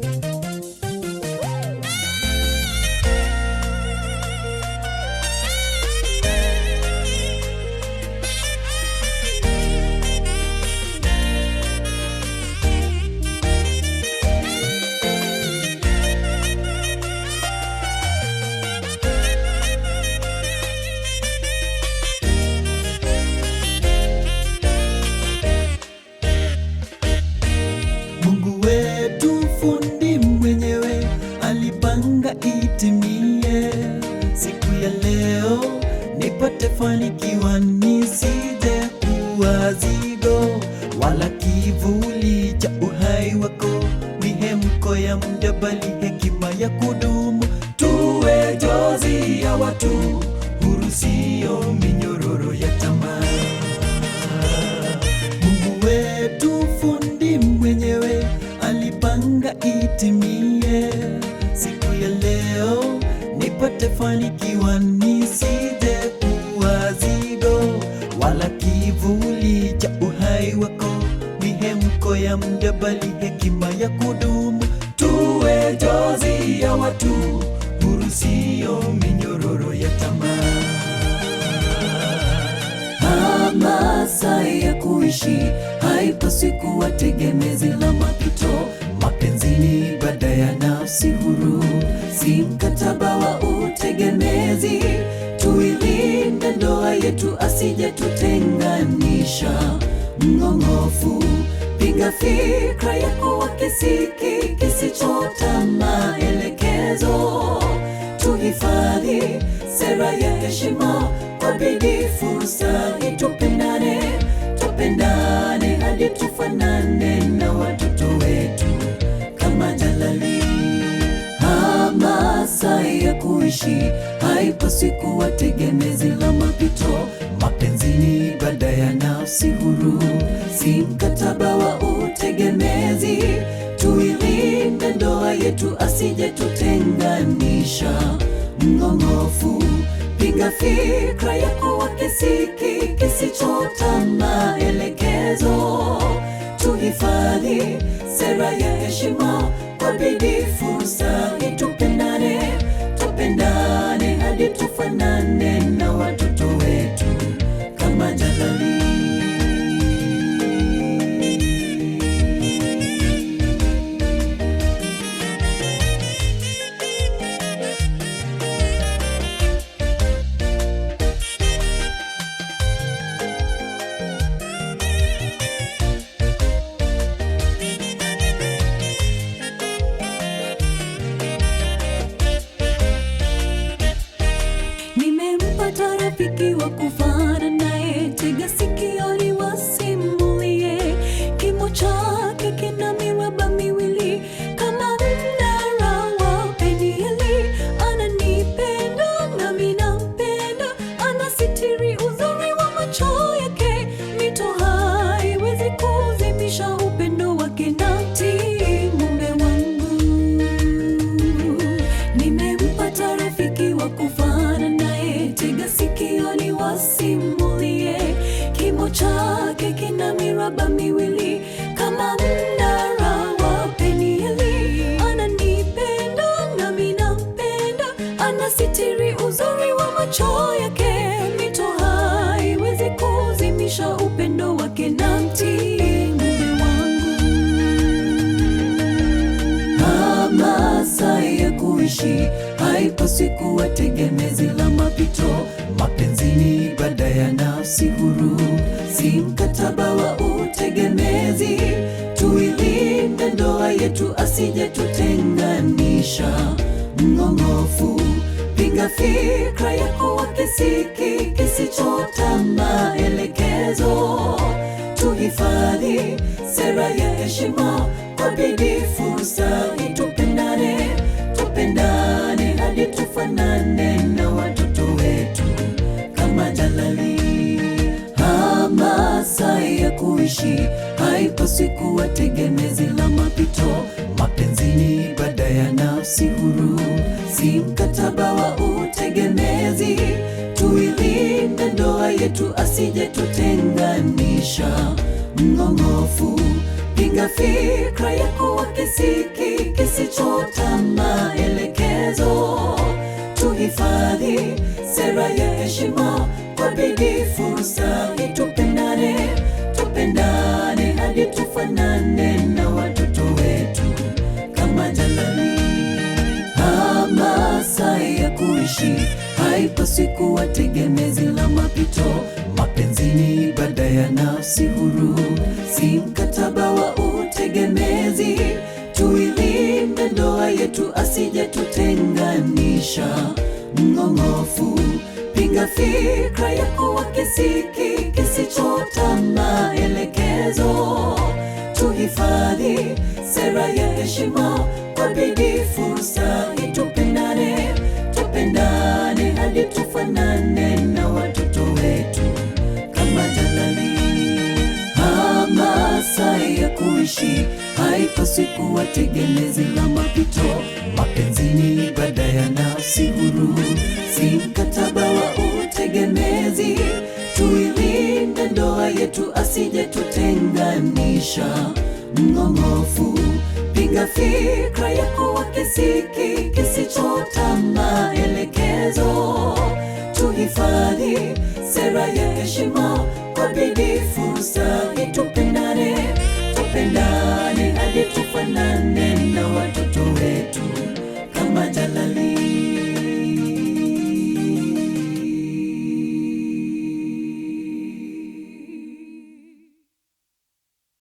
thank you nipate fanikiwa, nisije kuwa zigo wala kivuli cha uhai wako. Mihemko ya mjabali, hekima ya kudumu, tuwe jozi ya watu huru, sio minyororo ya tamaa. Mungu wetu fundi mwenyewe alipanga itimie siku ya leo, nipate fanikiwa nisije ya muda bali hekima ya kudumu. Tuwe jozi ya watu huru, minyororo ya tamaa. Hamasa ya kuishi haipaswi kuwa tegemezi la mapito. Mapenzi ni ibada ya nafsi huru, si mkataba wa utegemezi. Tuilinde ndoa yetu, asije tutenganisha mng'ong'ofu na fikra ya kuwa kisiki kisichota maelekezo. Tuhifadhi sera ya heshima kwa bidii, fursa itupendane, tupendane, tupendane hadi tufanane na watoto wetu kama Jalali. Hamasa ya kuishi haipaswi kuwa tegemezi la mapito. Mapenzi ni ibada ya nafsi huru, si mkataba wa tegemezi, tuilinde ndoa yetu asije tutenganisha. Mnong'ofu, pinga fikra ya kuwa kisiki kisichota maelekezo. Tuhifadhi sera ya heshima kwa bidii, fursa itupendane, tupendane hadi tufanane. chake kina miraba miwili kama mnara wa Penieli. Ananipenda nami nampenda, anasitiri uzuri wa macho yake. Mito haiwezi kuzimisha upendo wake, na mume wangu. Hamasa ya kuishi haipaswi kuwa tegemezi la wetu asije tutenganisha. Mnong'ofu, pinga fikra yako, kuwa kisiki kisichota maelekezo. Tuhifadhi sera ya heshima kwa bidii, fursa itu yetu asije tutenganisha. Mnong'ofu, pinga fikra ya kuwa kisiki kisichota maelekezo. Tuhifadhi sera ya heshima kwa bidii, fursa itupendane, tupendane hadi tufanane na watoto wetu kama jalani. Hamasa ya kuishi haipaswi kuwa tegemezi la nzito, mapenzi ni ibada ya nafsi huru, si mkataba wa utegemezi. Tuilinde ndoa yetu, asije tutenganisha. Mnong'ofu, pinga fikra ya kuwa kisiki kisichota maelekezo. Tuhifadhi sera ya heshima kwa bidii, fursa itupendane, tupendane hadi tufanane. kuishi, haipaswi kuwa tegemezi la mapito. Mapenzini ni ibada ya nafsi huru, si mkataba wa utegemezi. Tuilinde ndoa yetu, asijetutenganisha mng'ong'ofu. Piga fikra ya kuwa kisiki kisichota maelekezo, tuhifadhi sera ya heshima